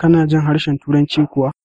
Kana jin harshen Turanci kuwa?